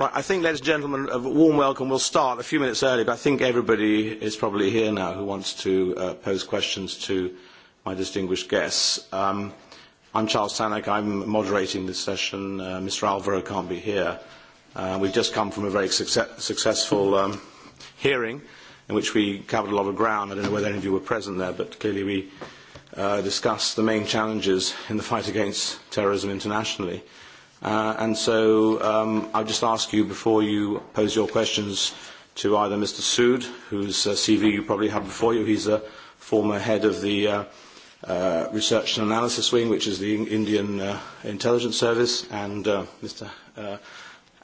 Right, I think, ladies and gentlemen, a warm welcome. We'll start a few minutes early, but I think everybody is probably here now who wants to pose questions to my distinguished guests. I'm Charles Tannock. I'm moderating this session. Mr. Alvaro can't be here. We've just come from a very successful hearing in which we covered a lot of ground. I don't know whether any of you were present there, but clearly we discussed the main challenges in the fight against terrorism internationally. And so I'll just ask you before you pose your questions to either Mr. Sood, whose CV you probably have before you. He's a former head of the Research and Analysis Wing, which is the Indian Intelligence Service, and Mr.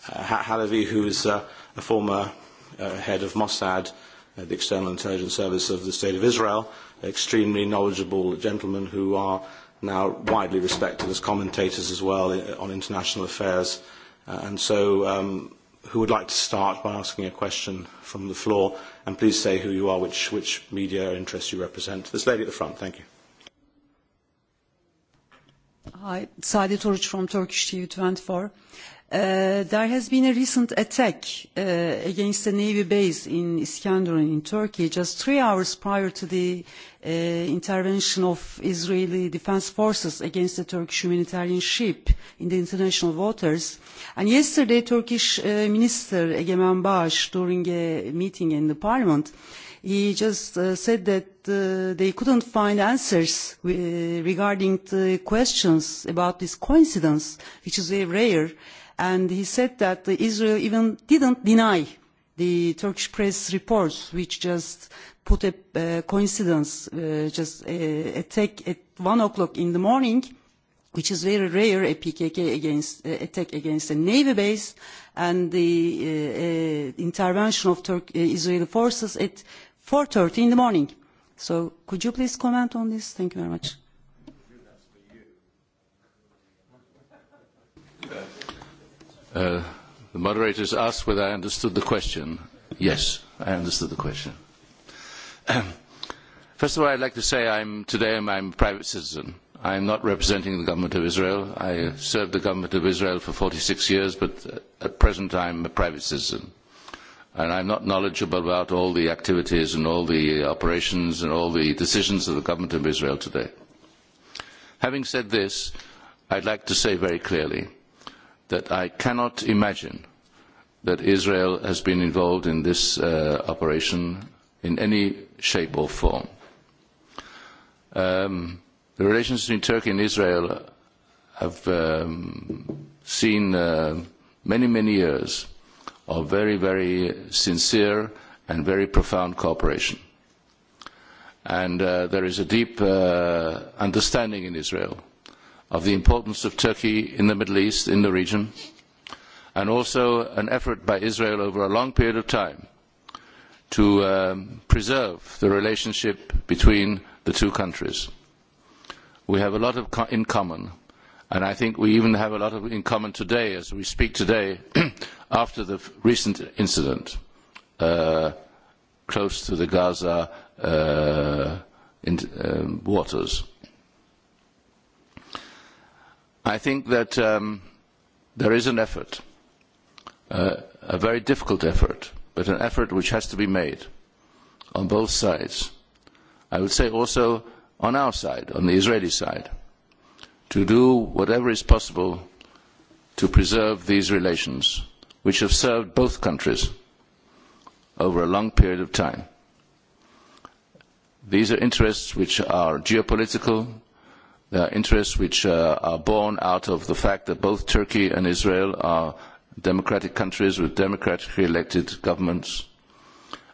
Halavi, who is a former head of Mossad, the External Intelligence Service of the State of Israel, extremely knowledgeable gentlemen who are now widely respected as commentators as well on international affairs. And so who would like to start by asking a question from the floor? And please say who you are, which, which media interests you represent. This lady at the front, thank you. Hi, Saadet Oruç from Turkish TV24. There has been a recent attack against a navy base in Iskenderun in Turkey just three hours prior to the intervention of Israeli defense forces against a Turkish humanitarian ship in the international waters. And yesterday, Turkish Minister Egemen Bash, during a meeting in the parliament, he just said that they couldn't find answers regarding the questions about this coincidence, which is very rare and he said that Israel even didn't deny the Turkish press reports, which just put a coincidence, just attack at one o'clock in the morning, which is very rare, a PKK attack against a navy base, and the intervention of Israeli forces at 4.30 in the morning. So could you please comment on this? Thank you very much. The moderators asked whether I understood the question. Yes, I understood the question. First of all, I'd like to say today I'm a private citizen. I am not representing the government of Israel. I served the government of Israel for 46 years, but at present I'm a private citizen. And I'm not knowledgeable about all the activities and all the operations and all the decisions of the government of Israel today. Having said this, I'd like to say very clearly that I cannot imagine that Israel has been involved in this operation in any shape or form. The relations between Turkey and Israel have seen many, many years of very, very sincere and very profound cooperation. And there is a deep understanding in Israel of the importance of Turkey in the Middle East, in the region, and also an effort by Israel over a long period of time to preserve the relationship between the two countries. We have a lot in common, and I think we even have a lot in common today as we speak today after the recent incident close to the Gaza waters. I think that there is an effort, a very difficult effort, but an effort which has to be made on both sides. I would say also on our side, on the Israeli side, to do whatever is possible to preserve these relations, which have served both countries over a long period of time. These are interests which are geopolitical, interests which are born out of the fact that both Turkey and Israel are democratic countries with democratically elected governments,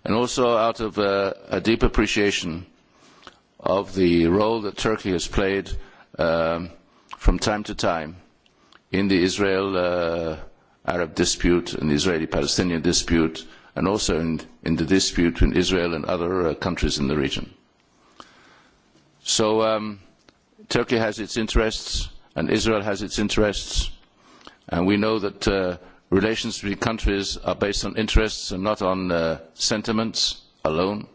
and also out of a deep appreciation of the role that Turkey has played from time to time in the Israel-Arab dispute and the Israeli-Palestinian dispute, and also in the dispute between Israel and other countries in the region. So Turkey has its interests and Israel has its interests, and we know that relations between countries are based on interests and not on sentiments alone.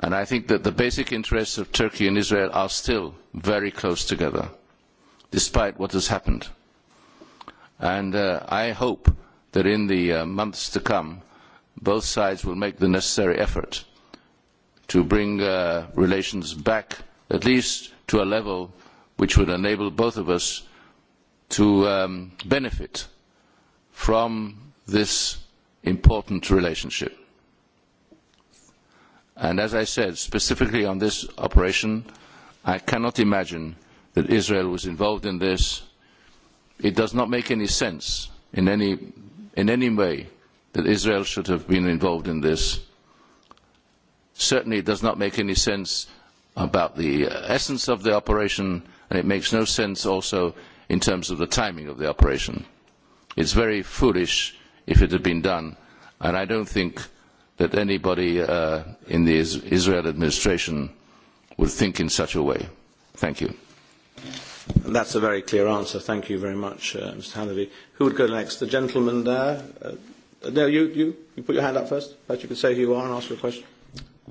I think that the basic interests of Turkey and Israel are still very close together, despite what has happened. And I hope that in the months to come, both sides will make the necessary effort to bring relations back at least to a level which would enable both of us to benefit from this important relationship. And as I said, specifically on this operation, I cannot imagine that Israel was involved in this. It does not make any sense in any way that Israel should have been involved in this. Certainly it does not make any sense about the essence of the operation, and it makes no sense also in terms of the timing of the operation. It's very foolish if it had been done, and I don't think that anybody in the Israel administration would think in such a way. Thank you. That's a very clear answer. Thank you very much, Mr. Hannity. Who would go next? The gentleman there? No, you, you, you put your hand up first. Perhaps you could say who you are and ask your question.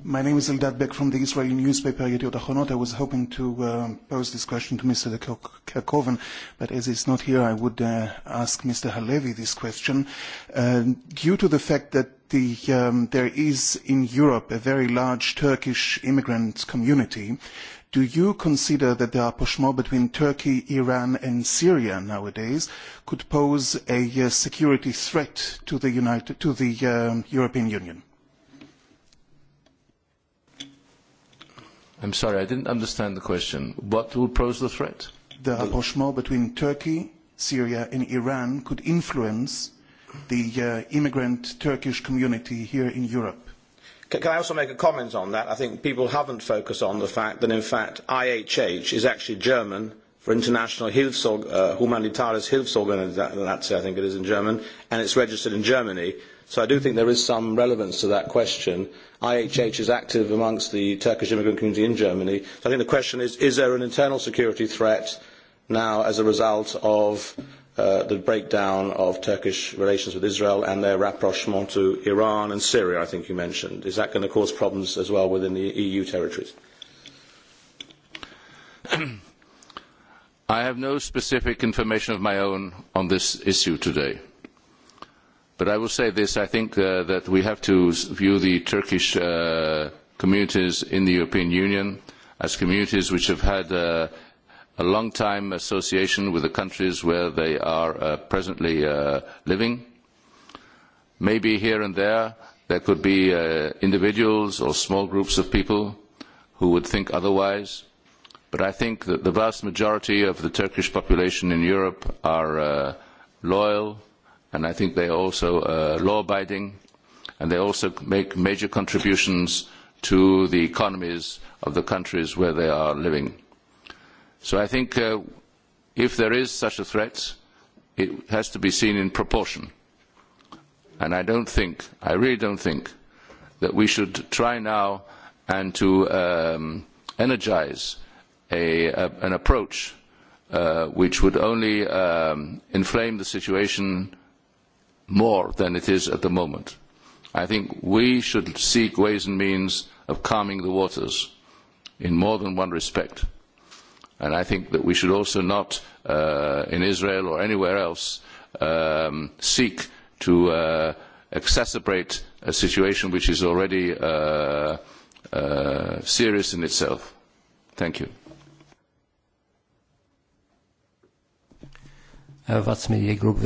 My name is Eldad Beck from the Israeli newspaper Yediot Achonot. I was hoping to pose this question to Mr. Kerkoven, but as he's not here, I would ask Mr. Halevi this question. Due to the fact that there is in Europe a very large Turkish immigrant community, do you consider that the rapprochement between Turkey, Iran and Syria nowadays could pose a security threat to the European Union? I'm sorry, I didn't understand the question. What would pose the threat? The rapprochement between Turkey, Syria and Iran could influence the immigrant Turkish community here in Europe. Can I also make a comment on that? I think people haven't focused on the fact that, in fact, IHH is actually German for International Humanitaris Hilfsorganisation, I think it is in German, and it's registered in Germany So I do think there is some relevance to that question. IHH is active amongst the Turkish immigrant community in Germany. So I think the question is, is there an internal security threat now as a result of the breakdown of Turkish relations with Israel and their rapprochement to Iran and Syria, I think you mentioned. Is that going to cause problems as well within the EU territories? I have no specific information of my own on this issue today. But I will say this, I think that we have to view the Turkish communities in the European Union as communities which have had a long time association with the countries where they are presently living. Maybe here and there there could be individuals or small groups of people who would think otherwise, but I think that the vast majority of the Turkish population in Europe are loyal and I think they are also law-abiding, and they also make major contributions to the economies of the countries where they are living. So I think if there is such a threat, it has to be seen in proportion. And I don't think, I really don't think, that we should try now and to energize an approach which would only inflame the situation more than it is at the moment. I think we should seek ways and means of calming the waters in more than one respect. And I think that we should also not, in Israel or anywhere else, seek to exacerbate a situation which is already serious in itself. Thank you. Group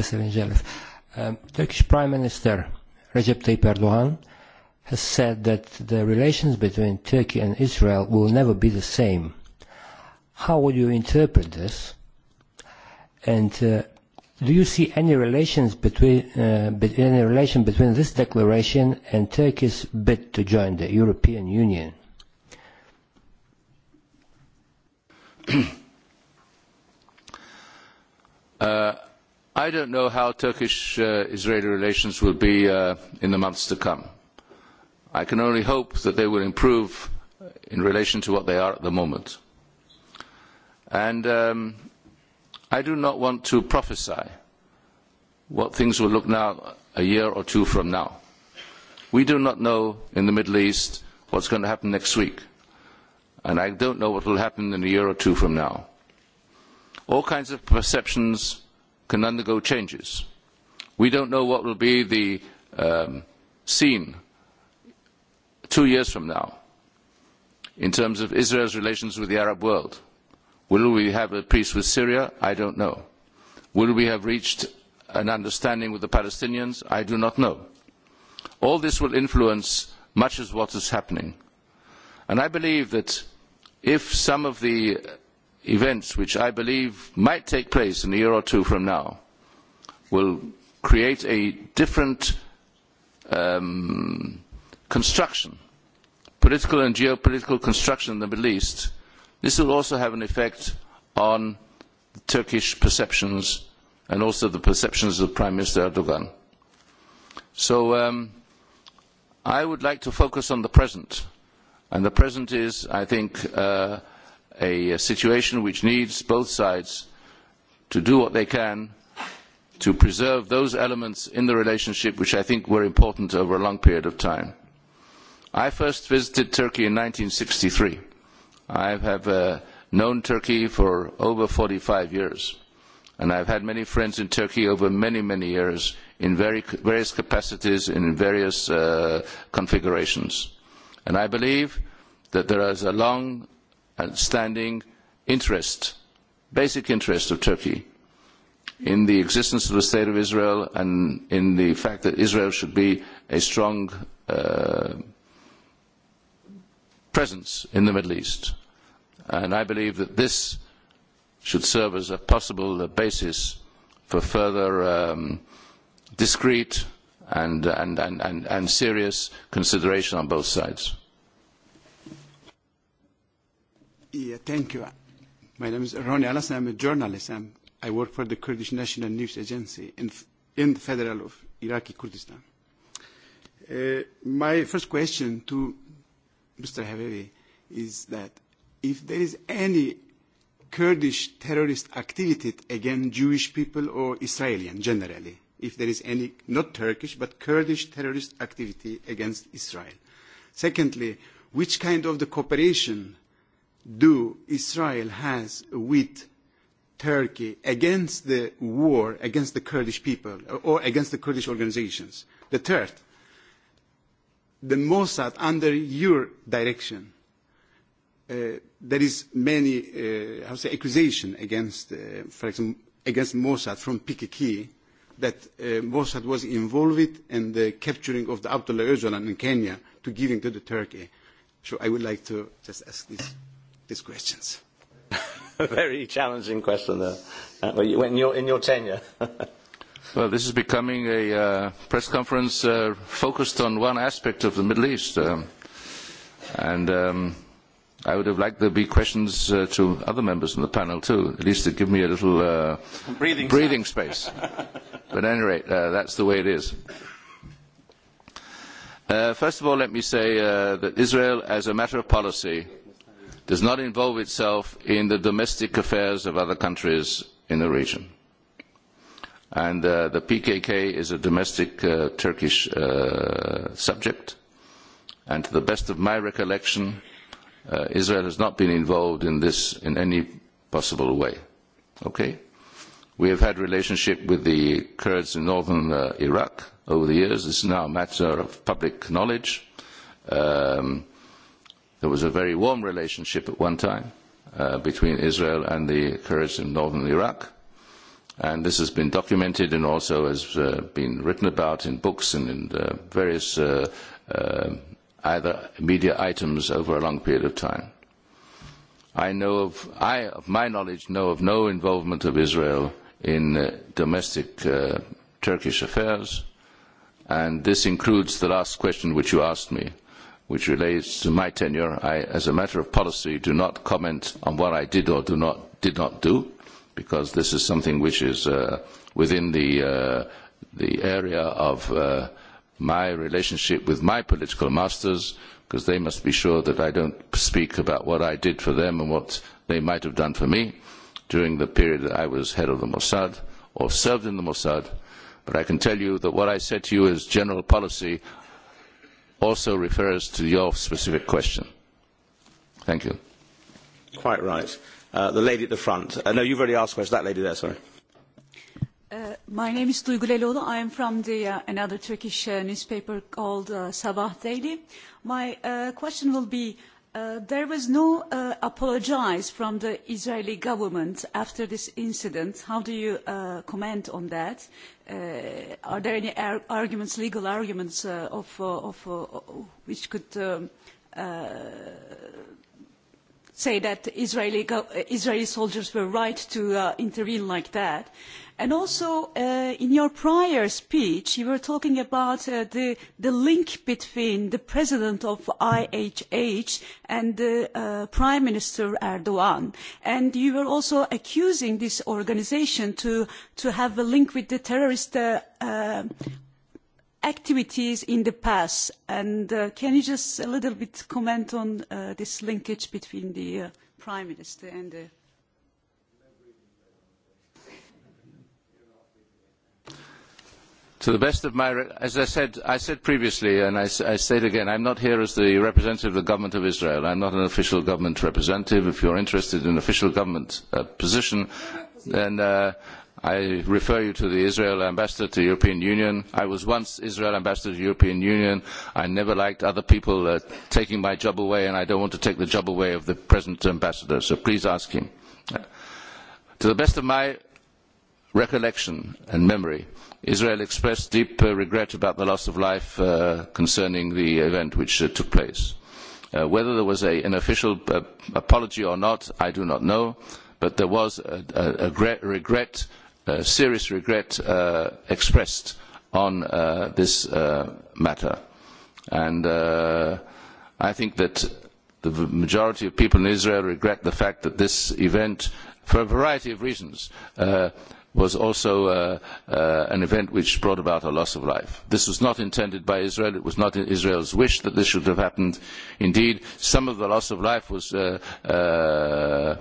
Turkish Prime Minister Recep Tayyip Erdogan has said that the relations between Turkey and Israel will never be the same. How would you interpret this? And do you see any relations between any relation between this declaration and Turkey's bid to join the European Union? I don't know how Turkish-Israeli relations will be in the months to come. I can only hope that they will improve in relation to what they are at the moment. And I do not want to prophesy what things will look now a year or two from now. We do not know in the Middle East what's going to happen next week. And I don't know what will happen in a year or two from now. All kinds of perceptions can undergo changes. We don't know what will be the scene two years from now in terms of Israel's relations with the Arab world. Will we have a peace with Syria? I don't know. Will we have reached an understanding with the Palestinians? I do not know. All this will influence much of what is happening. And I believe that if some of the events which I believe might take place in a year or two from now will create a different construction, political and geopolitical construction in the Middle East. This will also have an effect on Turkish perceptions and also the perceptions of Prime Minister Erdogan. So I would like to focus on the present. And the present is, I think, a situation which needs both sides to do what they can to preserve those elements in the relationship which I think were important over a long period of time. I first visited Turkey in 1963. I have known Turkey for over 45 years, and I've had many friends in Turkey over many, many years in various capacities, in various configurations. And I believe that there is a long standing interest, basic interest of Turkey in the existence of the State of Israel and in the fact that Israel should be a strong presence in the Middle East. And I believe that this should serve as a possible basis for further discreet and serious consideration on both sides. Thank you. My name is Ronnie Alas. I'm a journalist. I work for the Kurdish National News Agency in the federal of Iraqi Kurdistan. My first question to Mr. Havevi is that if there is any Kurdish terrorist activity against Jewish people or Israelis generally, if there is any, not Turkish, but Kurdish terrorist activity against Israel. Secondly, which kind of the cooperation do Israel has with Turkey against the war against the Kurdish people or against the Kurdish organizations. The third, the Mossad under your direction, there is many how say accusation against, for example, against Mossad from PKK that Mossad was involved in the capturing of the Abdullah Öcalan in Kenya to giving to the Turkey. So I would like to just ask this these questions. Very challenging question, though, when in your tenure. Well, this is becoming a press conference focused on one aspect of the Middle East, and I would have liked there to be questions to other members on the panel too, at least to give me a little breathing space. But at any rate, that's the way it is. First of all, let me say that Israel, as a matter of policy does not involve itself in the domestic affairs of other countries in the region. And the PKK is a domestic Turkish subject. And to the best of my recollection, Israel has not been involved in this in any possible way. Okay? We have had relationship with the Kurds in northern Iraq over the years. This is now a matter of public knowledge. There was a very warm relationship at one time between Israel and the Kurds in northern Iraq, and this has been documented and also has been written about in books and in various either media items over a long period of time. I know of, I, of my knowledge, know of no involvement of Israel in domestic Turkish affairs, and this includes the last question which you asked me which relates to my tenure, I, as a matter of policy, do not comment on what I did or do not did not do, because this is something which is within the the area of my relationship with my political masters, because they must be sure that I don't speak about what I did for them and what they might have done for me during the period that I was head of the Mossad or served in the Mossad. But I can tell you that what I said to you is general policy, also refers to your specific question. Thank you. Quite right. The lady at the front. No, you've already asked questions. That lady there, sorry. My name is Duygu Leloğlu. I am from another Turkish newspaper called Sabah Daily. My question will be There was no apologize from the Israeli government after this incident. How do you comment on that? Are there any arguments, legal arguments, which could say that Israeli soldiers were right to intervene like that? And also, in your prior speech, you were talking about the link between the president of IHH and the Prime Minister Erdogan, and you were also accusing this organisation to have a link with the terrorist activities in the past. And can you just a little bit comment on this linkage between the Prime Minister and the To the best of my, as I said, I said previously, and I say it again, I'm not here as the representative of the government of Israel. I'm not an official government representative. If you're interested in an official government position, then I refer you to the Israel ambassador to the European Union. I was once Israel ambassador to the European Union. I never liked other people taking my job away, and I don't want to take the job away of the present ambassador. So please ask him. To the best of my recollection and memory, Israel expressed deep regret about the loss of life concerning the event which took place. Whether there was an official apology or not, I do not know, but there was a regret, serious regret expressed on this matter. And I think that the majority of people in Israel regret the fact that this event, for a variety of reasons, was also an event which brought about a loss of life. This was not intended by Israel. It was not Israel's wish that this should have happened. Indeed, some of the loss of life was the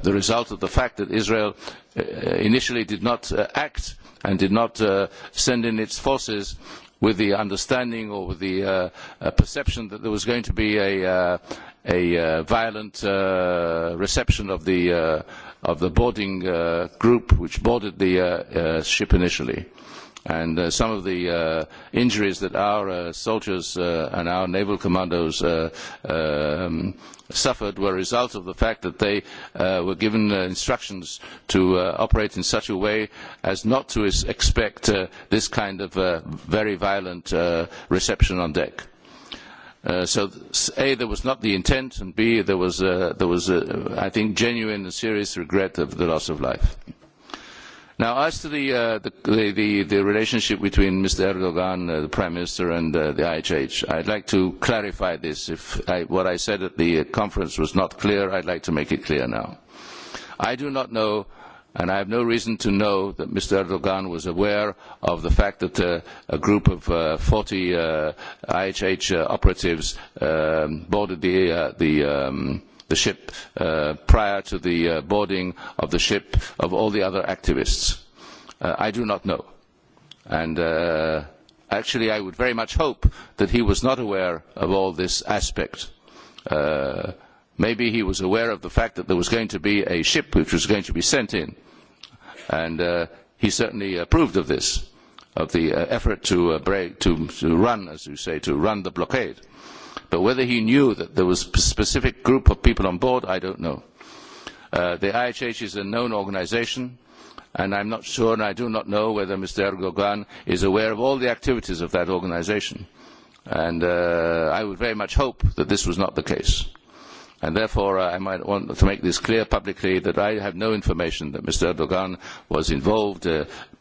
result of the fact that Israel initially did not act and did not send in its forces with the understanding or with the perception that there was going to be a violent reception of the of the boarding group which boarded the ship initially. And some of the injuries that our soldiers and our naval commandos suffered were a result of the fact that they were given instructions to operate in such a way as not to expect this kind of very violent reception on deck. So, A, there was not the intent, and B, there was, I think, genuine and serious regret of the loss of life. Now, as to the relationship between Mr. Erdogan, the Prime Minister, and the IHH, I'd like to clarify this. If what I said at the conference was not clear, I'd like to make it clear now. I do not know and I have no reason to know that Mr. Erdogan was aware of the fact that a group of 40 IHH operatives boarded the ship prior to the boarding of the ship of all the other activists. I do not know. And actually, I would very much hope that he was not aware of all this aspect. Maybe he was aware of the fact that there was going to be a ship which was going to be sent in, and he certainly approved of this, of the effort to break to run, as you say, to run the blockade. But whether he knew that there was a specific group of people on board, I don't know. The IHH is a known organisation, and I am not sure, and I do not know whether Mr. Erdogan is aware of all the activities of that organisation. And I would very much hope that this was not the case. And therefore, I might want to make this clear publicly that I have no information that Mr. Erdogan was involved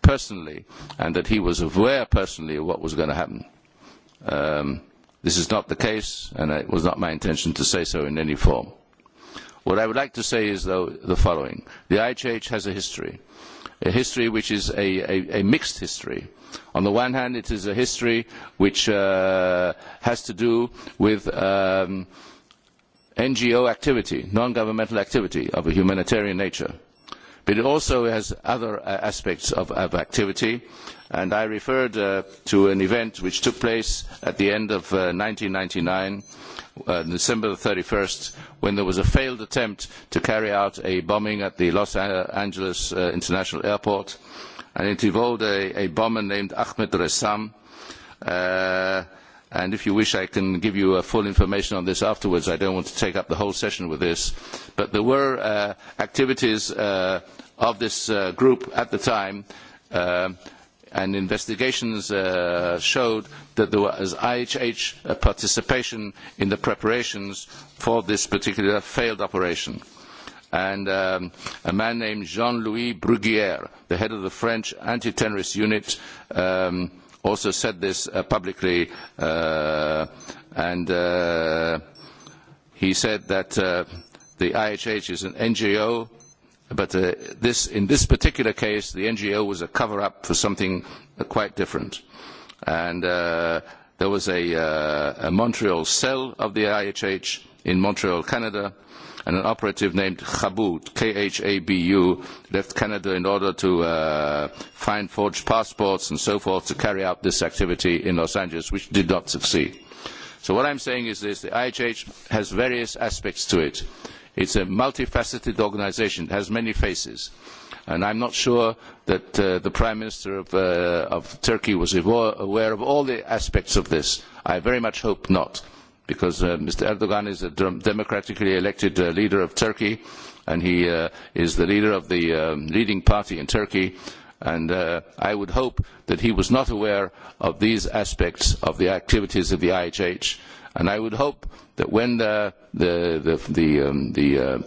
personally and that he was aware personally of what was going to happen. This is not the case, and it was not my intention to say so in any form. What I would like to say is, though, the following. The IHH has a history, a history which is a mixed history. On the one hand, it is a history which has to do with NGO activity, non-governmental activity of a humanitarian nature. But it also has other aspects of activity, and I referred to an event which took place at the end of 1999, December 31st, when there was a failed attempt to carry out a bombing at the Los Angeles International Airport, and it involved a bomber named Ahmed Ressam and if you wish I can give you full information on this afterwards. I don't want to take up the whole session with this. But there were activities of this group at the time and investigations showed that there was IHH participation in the preparations for this particular failed operation. And a man named Jean-Louis Bruguière, the head of the French anti-terrorist unit, also said this publicly and he said that the IHH is an NGO but this in this particular case the NGO was a cover up for something quite different and there was a Montreal cell of the IHH in Montreal Canada an operative named Khabut, k left Canada in order to find forged passports and so forth to carry out this activity in Los Angeles, which did not succeed. So what I'm saying is this. The IHH has various aspects to it. It's a multifaceted organisation. It has many faces. And I'm not sure that the Prime Minister of Turkey was aware of all the aspects of this. I very much hope not because Mr. Erdogan is a democratically elected leader of Turkey, and he is the leader of the leading party in Turkey. And I would hope that he was not aware of these aspects of the activities of the IHH. And I would hope that when the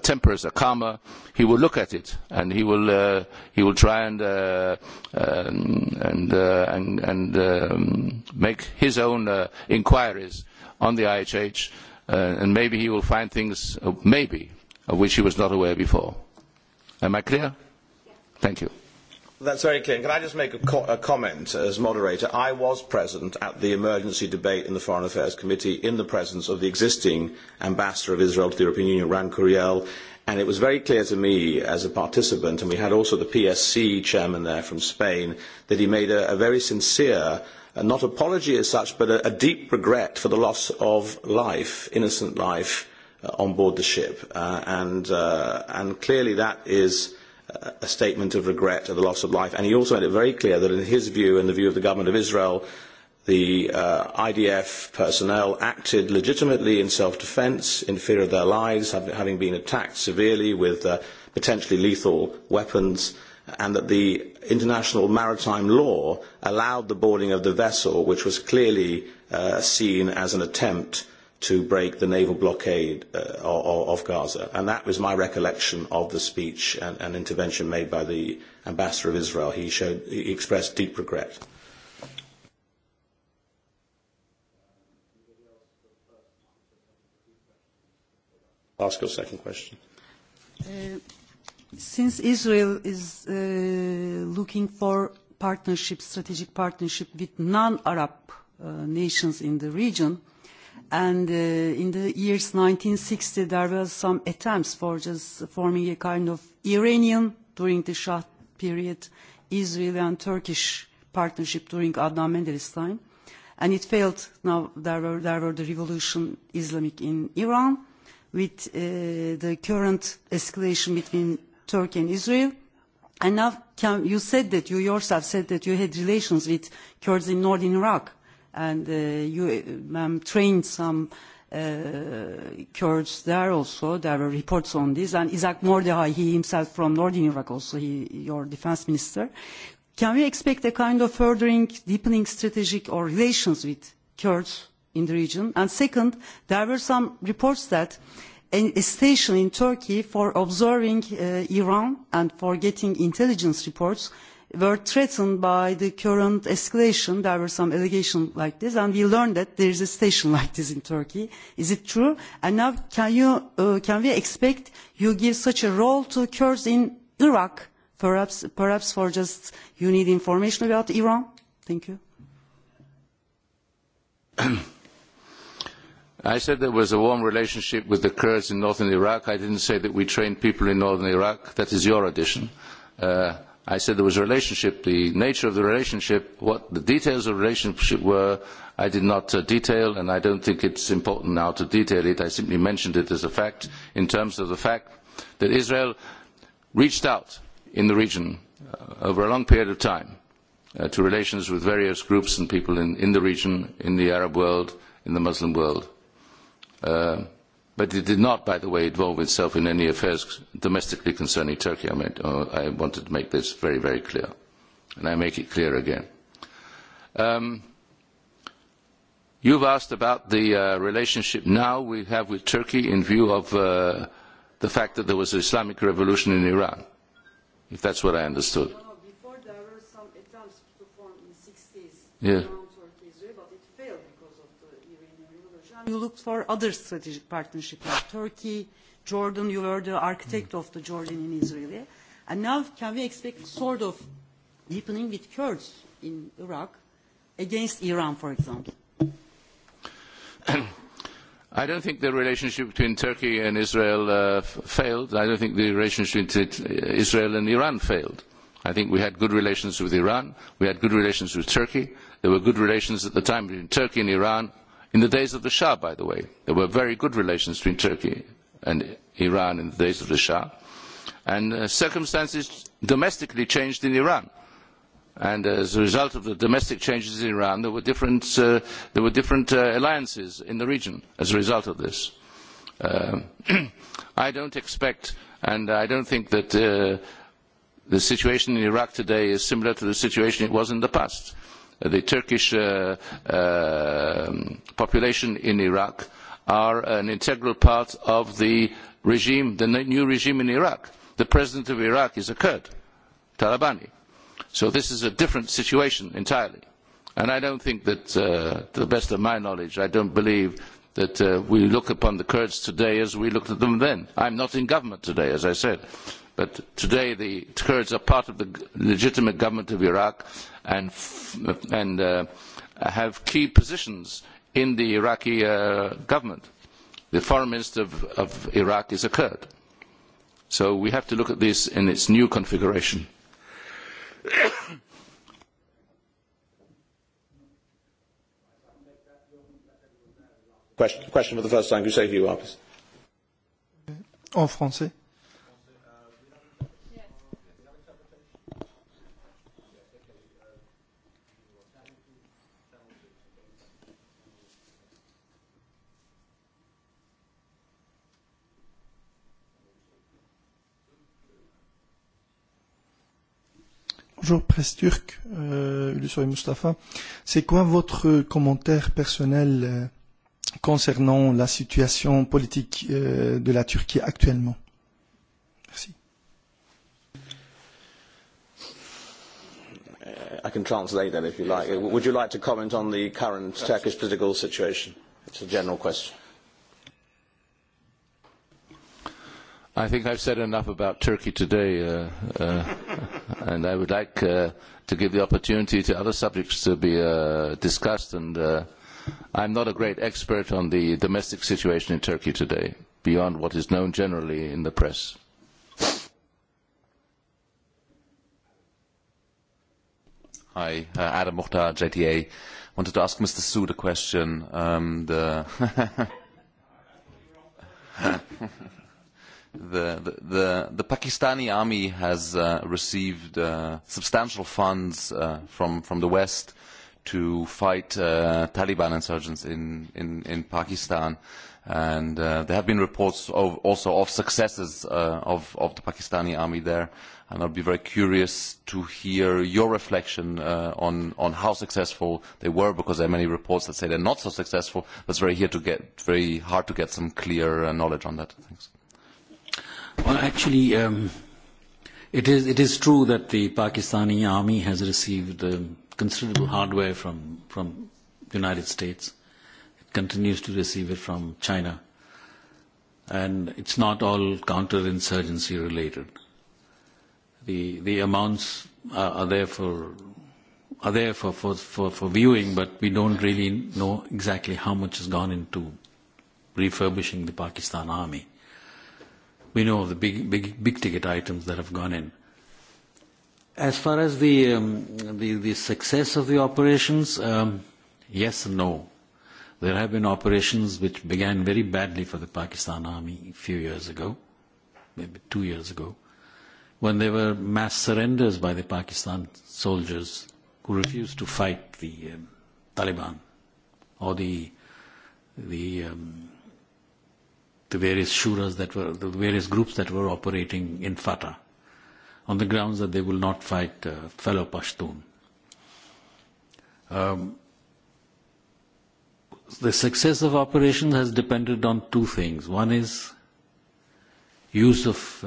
tempers are calmer, he will look at it and he will try and make his own inquiries on the IHH, and maybe he will find things, maybe, of which he was not aware before. Am I clear? Thank you. That's very clear. Can I just make a comment as moderator? I was present at the emergency debate in the Foreign Affairs Committee in the presence of the existing ambassador of Israel to the European Union, Ran Kuriel, and it was very clear to me as a participant, and we had also the PSC chairman there from Spain, that he made a very sincere not apology as such, but a deep regret for the loss of life, innocent life, on board the ship. And clearly that is a statement of regret at the loss of life. And he also made it very clear that in his view and the view of the government of Israel, the IDF personnel acted legitimately in self defence, in fear of their lives, having been attacked severely with potentially lethal weapons and that the international maritime law allowed the boarding of the vessel, which was clearly seen as an attempt to break the naval blockade of Gaza. And that was my recollection of the speech and intervention made by the ambassador of Israel. He expressed deep regret. Ask your second question. Since Israel is looking for partnership, strategic partnership with non-Arab nations in the region, and in the years 1960 there were some attempts for just forming a kind of Iranian during the Shah period, Israeli and Turkish partnership during Adnan Menderes time, and it failed. Now there were the revolution Islamic in Iran, with the current escalation between Turkey and Israel. And now you said that you yourself said that you had relations with Kurds in northern Iraq and you trained some Kurds there also. There were reports on this. And Isaac Mordehai, he himself from northern Iraq also, he, your defense minister. Can we expect a kind of furthering, deepening strategic or relations with Kurds in the region? And second, there were some reports that a station in Turkey for observing Iran and for getting intelligence reports were threatened by the current escalation. There were some allegations like this, and we learned that there is a station like this in Turkey. Is it true? And now can we expect you give such a role to Kurds in Iraq, perhaps for just you need information about Iran? Thank you. I said there was a warm relationship with the Kurds in northern Iraq. I didn't say that we trained people in northern Iraq. That is your addition. I said there was a relationship. The nature of the relationship, what the details of the relationship were, I did not detail, and I don't think it's important now to detail it. I simply mentioned it as a fact in terms of the fact that Israel reached out in the region over a long period of time to relations with various groups and people in the region, in the Arab world, in the Muslim world But it did not, by the way, involve itself in any affairs domestically concerning Turkey. I wanted to make this very, very clear, and I make it clear again. You've asked about the relationship now we have with Turkey in view of the fact that there was an Islamic revolution in Iran, if that's what I understood. you looked for other strategic partnerships like Turkey, Jordan. You were the architect of the Jordan in Israel. And now can we expect sort of deepening with Kurds in Iraq against Iran, for example? I don't think the relationship between Turkey and Israel failed. I don't think the relationship between Israel and Iran failed. I think we had good relations with Iran. We had good relations with Turkey. There were good relations at the time between Turkey and Iran In the days of the Shah, by the way, there were very good relations between Turkey and Iran in the days of the Shah, and circumstances domestically changed in Iran. And as a result of the domestic changes in Iran, there were different alliances in the region as a result of this. I don't expect, and I don't think that the situation in Iraq today is similar to the situation it was in the past the Turkish population in Iraq are an integral part of the regime, the new regime in Iraq. The president of Iraq is a Kurd, Talabani. So this is a different situation entirely. And I don't think that, to the best of my knowledge, I don't believe that we look upon the Kurds today as we looked at them then. I'm not in government today, as I said But today the Kurds are part of the legitimate government of Iraq and have key positions in the Iraqi government. The foreign minister of Iraq is a Kurd. So we have to look at this in its new configuration. Question for the first time. please. En français. Bonjour presse turque, Ulusoy Mustafa. C'est quoi votre commentaire personnel concernant la situation politique de la Turquie actuellement Merci. I can translate that if you like. Would you like to comment on the current Turkish political situation? It's a general question. I think I've said enough about Turkey today and I would like to give the opportunity to other subjects to be discussed. And I'm not a great expert on the domestic situation in Turkey today, beyond what is known generally in the press. Hi, Adam Mukhtar, JTA. Wanted to ask Mr. Sood a question. The The Pakistani army has received substantial funds from the West to fight Taliban insurgents in Pakistan, and there have been reports also of successes of the Pakistani army there. And I'd be very curious to hear your reflection on how successful they were, because there are many reports that say they're not so successful. But it's very hard to get some clear knowledge on that. Thanks. Well, actually, it is it is true that the Pakistani army has received considerable hardware from from the United States. It continues to receive it from China, and it's not all counter-insurgency related. The the amounts are there for are there for for for viewing, but we don't really know exactly how much has gone into refurbishing the Pakistan army we know the big, big, big ticket items that have gone in. As far as the, the, the success of the operations, yes and no. There have been operations which began very badly for the Pakistan Army a few years ago, maybe two years ago, when there were mass surrenders by the Pakistan soldiers who refused to fight the Taliban or the, the um, the various shuras that were the various groups that were operating in Fatah on the grounds that they will not fight fellow Pashtun. The success of operations has depended on two things. One is use of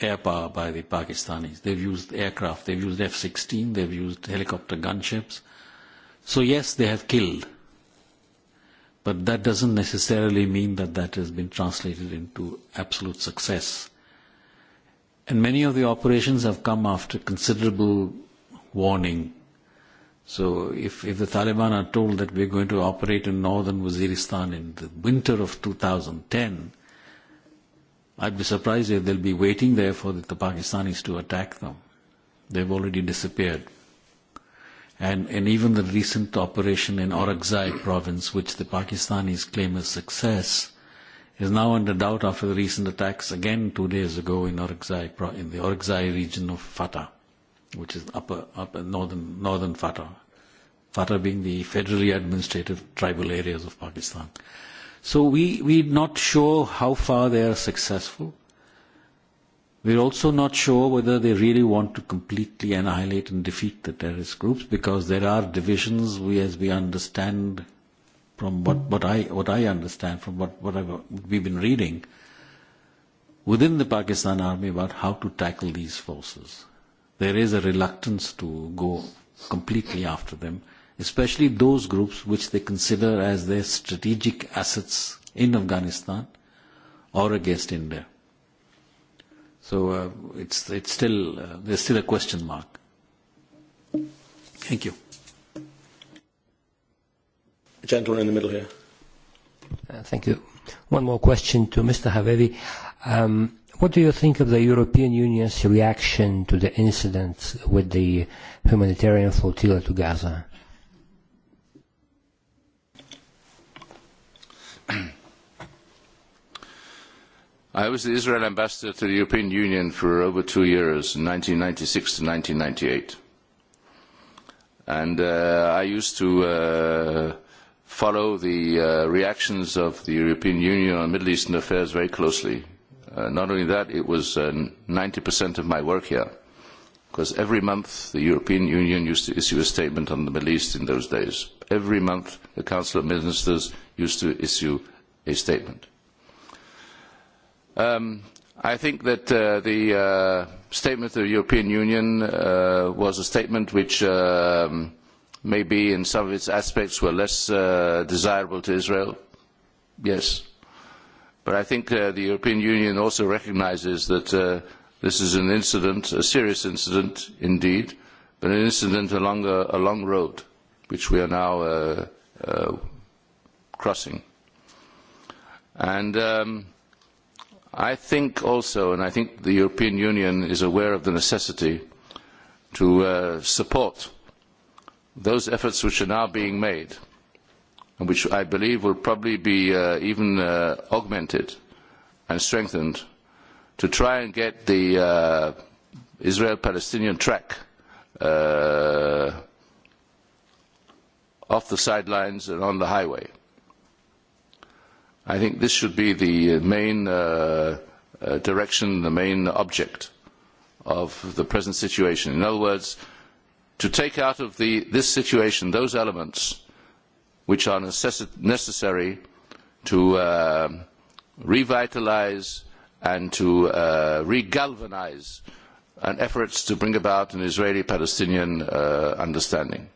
air power by the Pakistanis. They've used aircraft, they've used F-16, they've used helicopter gunships. So yes, they have killed But that doesn't necessarily mean that that has been translated into absolute success. And many of the operations have come after considerable warning. So if if the Taliban are told that we're going to operate in northern Waziristan in the winter of 2010, I'd be surprised if they'll be waiting there for the Pakistanis to attack them. They've already disappeared and even the recent operation in Orakzai province, which the Pakistanis claim as success, is now under doubt after the recent attacks again two days ago in Orakzai, in the Orakzai region of Fatah, which is upper, upper northern, northern Fatah, Fatah being the federally administrative tribal areas of Pakistan. So we, we're not sure how far they are successful. We're also not sure whether they really want to completely annihilate and defeat the terrorist groups because there are divisions we as we understand from what, what, I, I understand from what, what I've, we've been reading within the Pakistan army about how to tackle these forces. There is a reluctance to go completely after them, especially those groups which they consider as their strategic assets in Afghanistan or against India. So it's it's still there's still a question mark. Thank you. Gentleman in the middle here. Thank you. One more question to Mr. Haveli. What do you think of the European Union's reaction to the incident with the humanitarian flotilla to Gaza? I was the Israel ambassador to the European Union for over two years, 1996 to 1998. And I used to follow the reactions of the European Union on Middle Eastern affairs very closely. Not only that, it was 90% of my work here, because every month the European Union used to issue a statement on the Middle East in those days. Every month the Council of Ministers used to issue a statement. I think that the statement of the European Union was a statement which maybe in some of its aspects were less desirable to Israel. Yes. But I think the European Union also recognises that this is an incident, a serious incident indeed, but an incident along a long road which we are now crossing. And I think also, and I think the European Union is aware of the necessity to support those efforts which are now being made and which I believe will probably be even augmented and strengthened to try and get the Israel-Palestinian track off the sidelines and on the highway. I think this should be the main direction, the main object of the present situation. In other words, to take out of this situation those elements which are necessary to revitalise and to regalvanize efforts to bring about an Israeli-Palestinian understanding.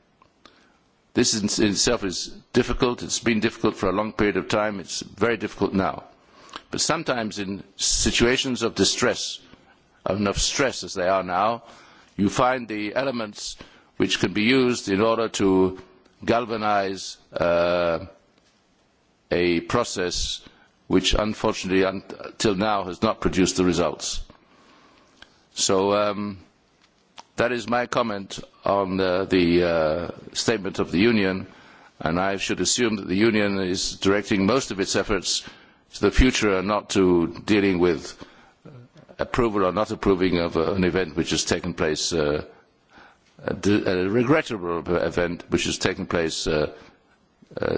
This in itself is difficult. It's been difficult for a long period of time. It's very difficult now. But sometimes in situations of distress, of stress as they are now, you find the elements which can be used in order to galvanise a process which unfortunately until now has not produced the results. So That is my comment on the statement of the Union, and I should assume that the Union is directing most of its efforts to the future and not to dealing with approval or not approving of an event which has taken place, a regrettable event which has taken place a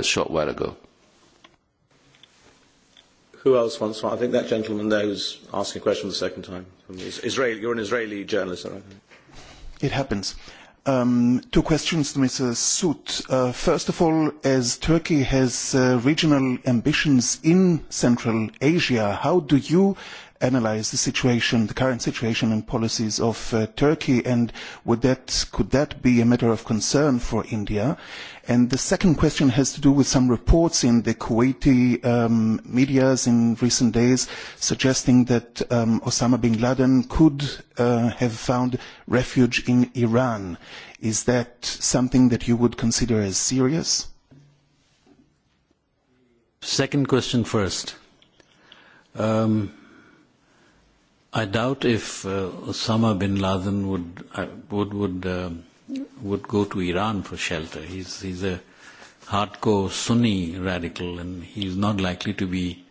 short while ago. Who else wants one? I think that gentleman there is asking a question the second time. You're an Israeli journalist, aren't you? It happens. Two questions to Mr. Soot. First of all, as Turkey has regional ambitions in Central Asia, how do you analyze the situation, the current situation and policies of Turkey, and would that could that be a matter of concern for India? And the second question has to do with some reports in the Kuwaiti medias in recent days suggesting that Osama bin Laden could have found refuge in Iran. Is that something that you would consider as serious? Second question first. I doubt if Osama bin Laden would would go to Iran for shelter. He's, he's a hardcore Sunni radical and he's not likely to be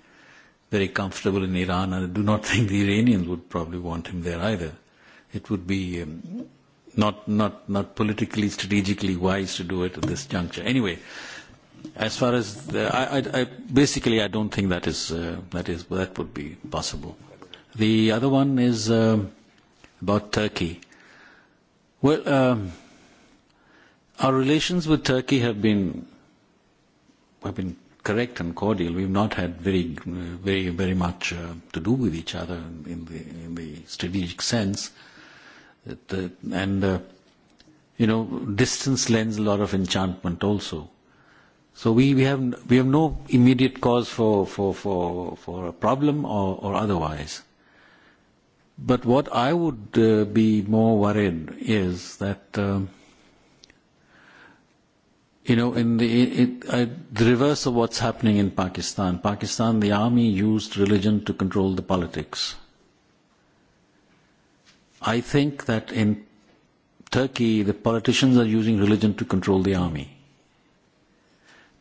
very comfortable in Iran and I do not think the Iranians would probably want him there either. It would be not, not, not politically, strategically wise to do it at this juncture. Anyway, as far as the, I, I, I, basically I don't think that is, that is, that would be possible. The other one is about Turkey. Well, um, Our relations with Turkey have been have been correct and cordial. We've not had very very very much to do with each other in the in the strategic sense. And you know, distance lends a lot of enchantment also. So we we have we have no immediate cause for for for for a problem or or otherwise. But what I would be more worried is that you know, in the the reverse of what's happening in Pakistan. Pakistan, the army used religion to control the politics. I think that in Turkey, the politicians are using religion to control the army.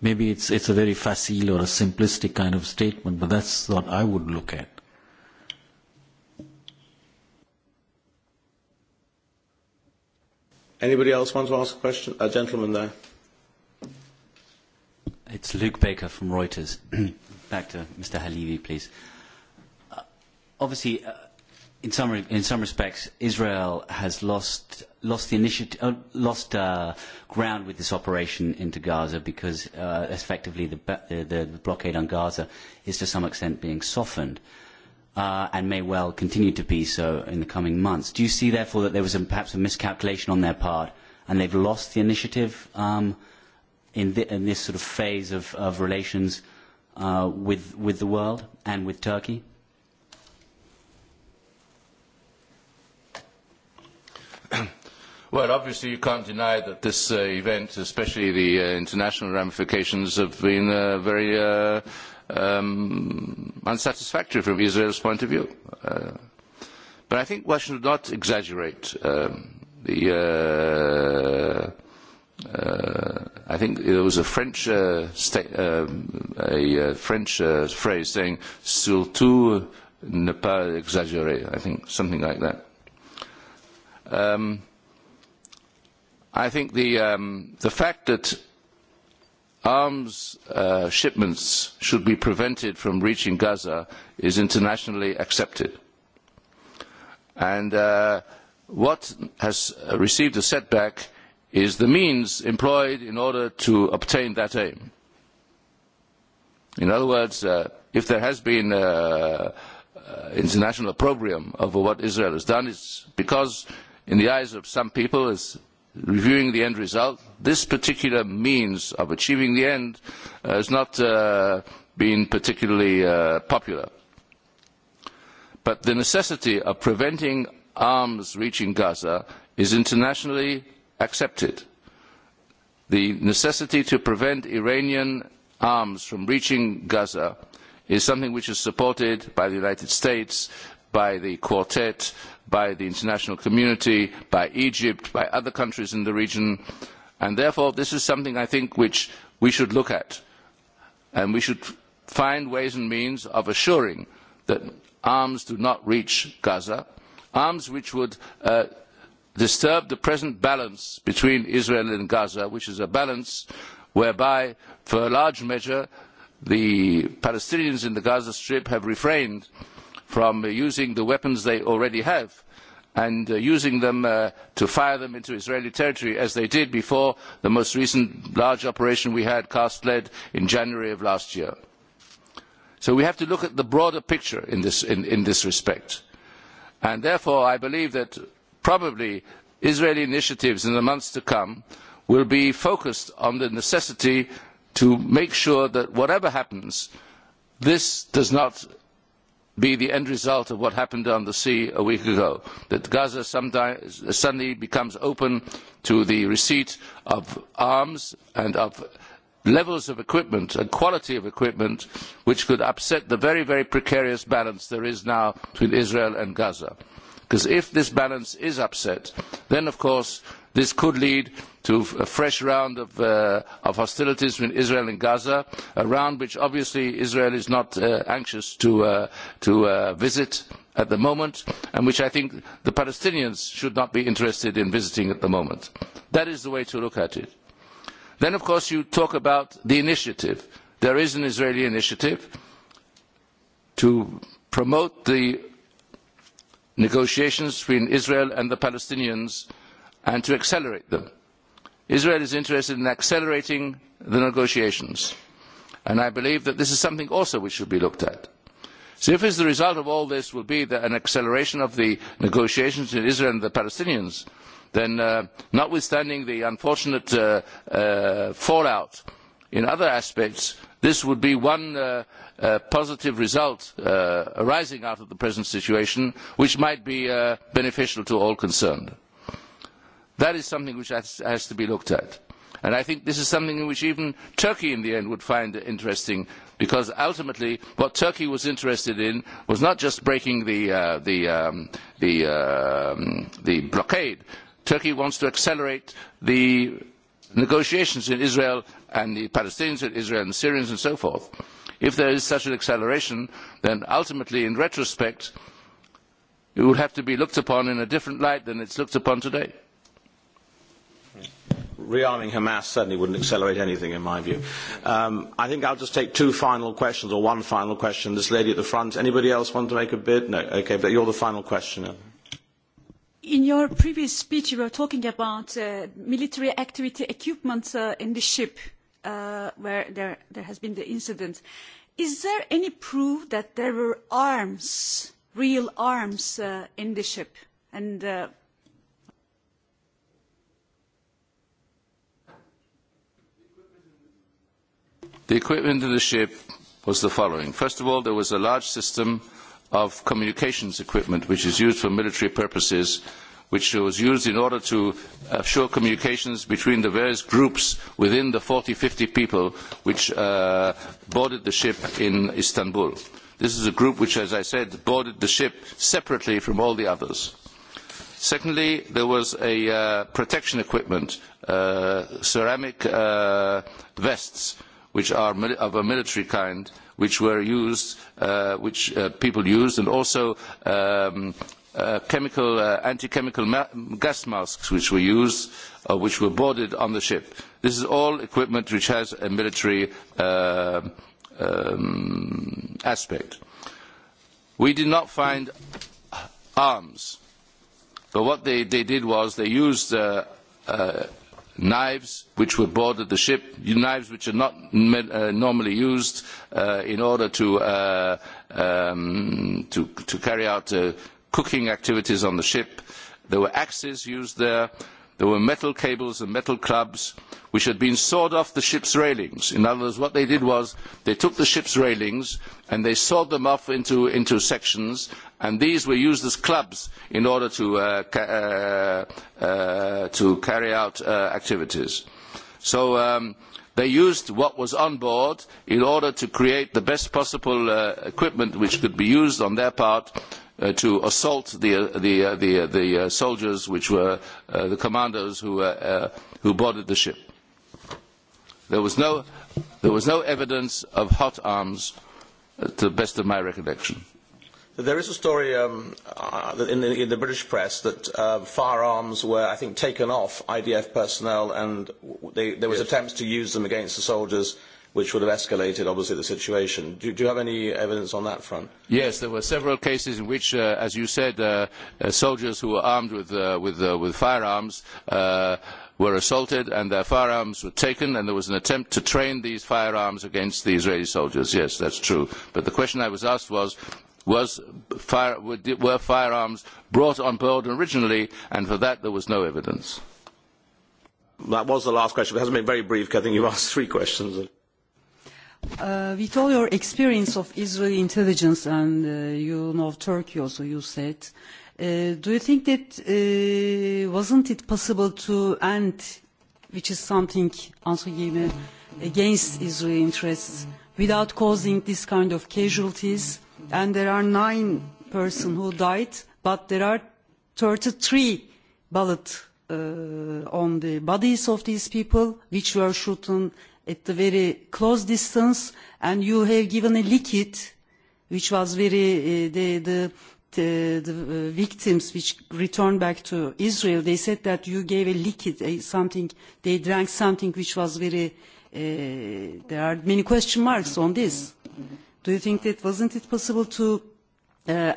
Maybe it's it's a very facile or a simplistic kind of statement, but that's what I would look at. Anybody else want to ask a question? A gentleman there. It's Luke Baker from Reuters. Back to Mr. Halivi, please. Obviously, in some in some respects, Israel has lost lost the initiative, lost ground with this operation into Gaza because effectively the the blockade on Gaza is to some extent being softened and may well continue to be so in the coming months. Do you see, therefore, that there was perhaps a miscalculation on their part and they've lost the initiative? in this sort of phase of relations with the world and with Turkey? Well, obviously you can't deny that this event, especially the international ramifications, have been very unsatisfactory from Israel's point of view. But I think one should not exaggerate the I think there was a French a French phrase saying "surtout ne pas exagérer." I think something like that. I think the the fact that arms shipments should be prevented from reaching Gaza is internationally accepted. And what has received a setback is the means employed in order to obtain that aim. In other words, if there has been international opprobrium over what Israel has done, it's because, in the eyes of some people, reviewing the end result, this particular means of achieving the end has not been particularly popular. But the necessity of preventing arms reaching Gaza is internationally accepted. The necessity to prevent Iranian arms from reaching Gaza is something which is supported by the United States, by the Quartet, by the international community, by Egypt, by other countries in the region, and therefore this is something I think which we should look at, and we should find ways and means of assuring that arms do not reach Gaza, arms which would disturb the present balance between Israel and Gaza, which is a balance whereby, for a large measure, the Palestinians in the Gaza Strip have refrained from using the weapons they already have and using them to fire them into Israeli territory, as they did before the most recent large operation we had, Cast Lead, in January of last year. So we have to look at the broader picture in this respect. And therefore, I believe that probably Israeli initiatives in the months to come will be focused on the necessity to make sure that whatever happens, this does not be the end result of what happened on the sea a week ago, that Gaza suddenly becomes open to the receipt of arms and of levels of equipment and quality of equipment which could upset the very, very precarious balance there is now between Israel and Gaza because if this balance is upset, then of course this could lead to a fresh round of hostilities between Israel and Gaza, a round which obviously Israel is not anxious to visit at the moment, and which I think the Palestinians should not be interested in visiting at the moment. That is the way to look at it. Then, of course, you talk about the initiative. There is an Israeli initiative to promote the negotiations between Israel and the Palestinians and to accelerate them. Israel is interested in accelerating the negotiations, and I believe that this is something also which should be looked at. So if the result of all this will be an acceleration of the negotiations between Israel and the Palestinians, then notwithstanding the unfortunate fallout in other aspects, this would be one positive result arising out of the present situation which might be beneficial to all concerned. That is something which has to be looked at. And I think this is something which even Turkey in the end would find interesting because ultimately what Turkey was interested in was not just breaking the blockade. Turkey wants to accelerate the negotiations in Israel and the Palestinians and Israel and the Syrians and so forth if there is such an acceleration then ultimately in retrospect it would have to be looked upon in a different light than it is looked upon today. rearming hamas certainly wouldn't accelerate anything in my view. i think i just take two final questions or one final question. this lady at the front anybody else want to make a bid? no. okay but you the final questioner. In your previous speech, you were talking about military activity equipment in the ship where there has been the incident. Is there any proof that there were arms, real arms, in the ship? And the equipment in the ship was the following. First of all, there was a large system of communications equipment which is used for military purposes which was used in order to assure communications between the various groups within the 40-50 people which boarded the ship in Istanbul. This is a group which, as I said, boarded the ship separately from all the others. Secondly, there was a protection equipment, ceramic vests, which are of a military kind, which were used, which people used, and also chemical anti chemical gas masks which were used which were boarded on the ship. This is all equipment which has a military aspect. We did not find arms, but what they did was they used knives which were boarded the ship, knives which are not normally used in order to carry out cooking activities on the ship. There were axes used there. There were metal cables and metal clubs which had been sawed off the ship's railings. In other words, what they did was they took the ship's railings and they sawed them off into sections, and these were used as clubs in order to carry out activities. So they used what was on board in order to create the best possible equipment which could be used on their part to assault the soldiers, which were the commandos who boarded the ship. There was no evidence of hot arms, to the best of my recollection. There is a story in the British press that firearms were, I think, taken off IDF personnel, and there was attempts to use them against the soldiers which would have escalated, obviously, the situation. Do you have any evidence on that front? Yes, there were several cases in which, as you said, soldiers who were armed with firearms were assaulted and their firearms were taken and there was an attempt to train these firearms against the Israeli soldiers. Yes, that's true. But the question I was asked was, were firearms brought on board originally? And for that, there was no evidence. That was the last question. It hasn't been very brief. I think you've asked three questions. With all your experience of Israeli intelligence and you know Turkey also, you said, do you think that wasn't it possible to end, which is something also against Israeli interests, without causing this kind of casualties? And there are nine persons who died, but there are 33 bullets on the bodies of these people, which were shot at a very close distance and you have given a liquid which was very the the victims which returned back to Israel they said that you gave a liquid something they drank something which was very there are many question marks on this do you think that wasn't it possible to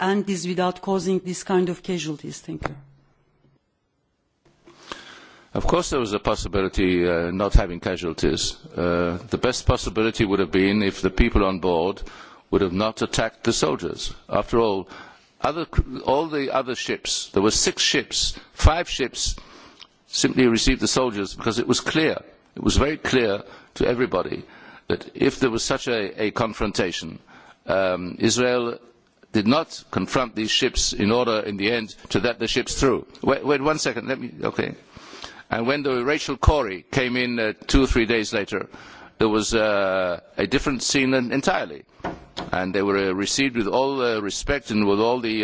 end this without causing this kind of casualties thank you Of course there was a possibility not having casualties. The best possibility would have been if the people on board would have not attacked the soldiers. After all, all the other ships, there were six ships, five ships simply received the soldiers because it was clear, it was very clear to everybody that if there was such a confrontation, Israel did not confront these ships in order in the end to let the ships through. Wait one second, let me, okay. And when Rachel Corrie came in two or three days later, there was a different scene entirely. And they were received with all the respect and with all the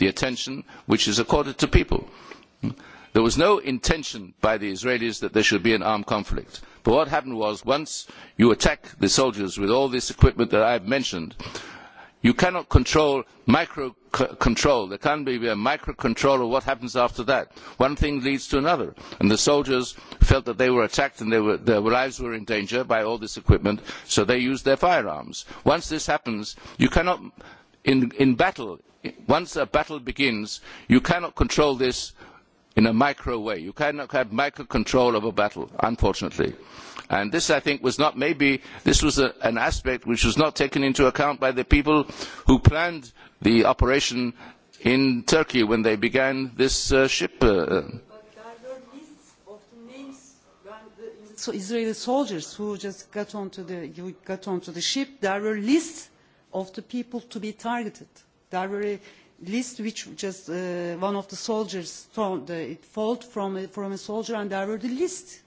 attention which is accorded to people. There was no intention by the Israelis that there should be an armed conflict. But what happened was, once you attack the soldiers with all this equipment that I have mentioned, you cannot control micro control. There can be a micro control of what happens after that. One thing leads to another. And the soldiers felt that they were attacked and their lives were in danger by all this equipment, so they used their firearms. Once this happens, you cannot, in battle, once a battle begins, you cannot control this in a micro way. You cannot have micro control of a battle, unfortunately. And this, I think, was not maybe this was an aspect which was not taken into account by the people who planned the operation in Turkey when they began this ship. So Israeli soldiers who just got onto the got onto the ship. There were lists of the people to be targeted. There were a list which just one of the soldiers it fell from from a soldier and there were the list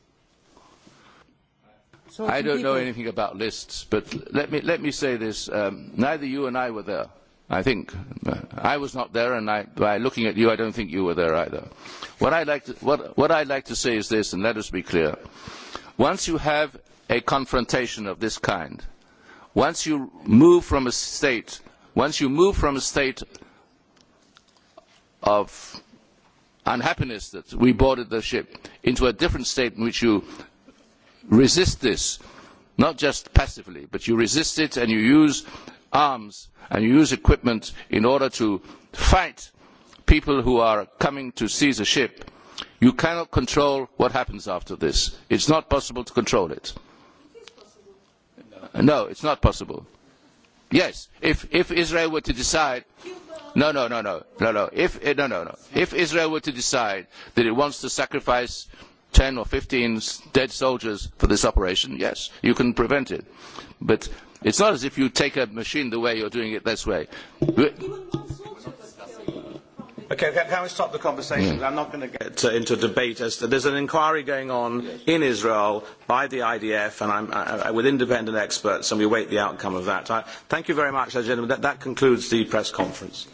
I don't know anything about lists, but let me let me say this: neither you and I were there. I think I was not there, and by looking at you, I don't think you were there either. What I like I'd like to say is this, and let us be clear: once you have a confrontation of this kind, once you move from a state, once you move from a state of unhappiness that we boarded the ship into a different state in which you resist this, not just passively, but you resist it and you use arms and you use equipment in order to fight people who are coming to seize a ship. You cannot control what happens after this. It's not possible to control it. No, it's not possible. Yes, if if Israel were to decide, no, no, no, no, no, no, if no, no, no, if Israel were to decide that it wants to sacrifice 10 or 15 dead soldiers for this operation, yes, you can prevent it. But it's not as if you take a machine the way you're doing it this way. Okay, can we stop the conversation? I'm not going to get into debate. As there's an inquiry going on in Israel by the IDF and with independent experts, and we await the outcome of that. Thank you very much, gentlemen. That concludes the press conference.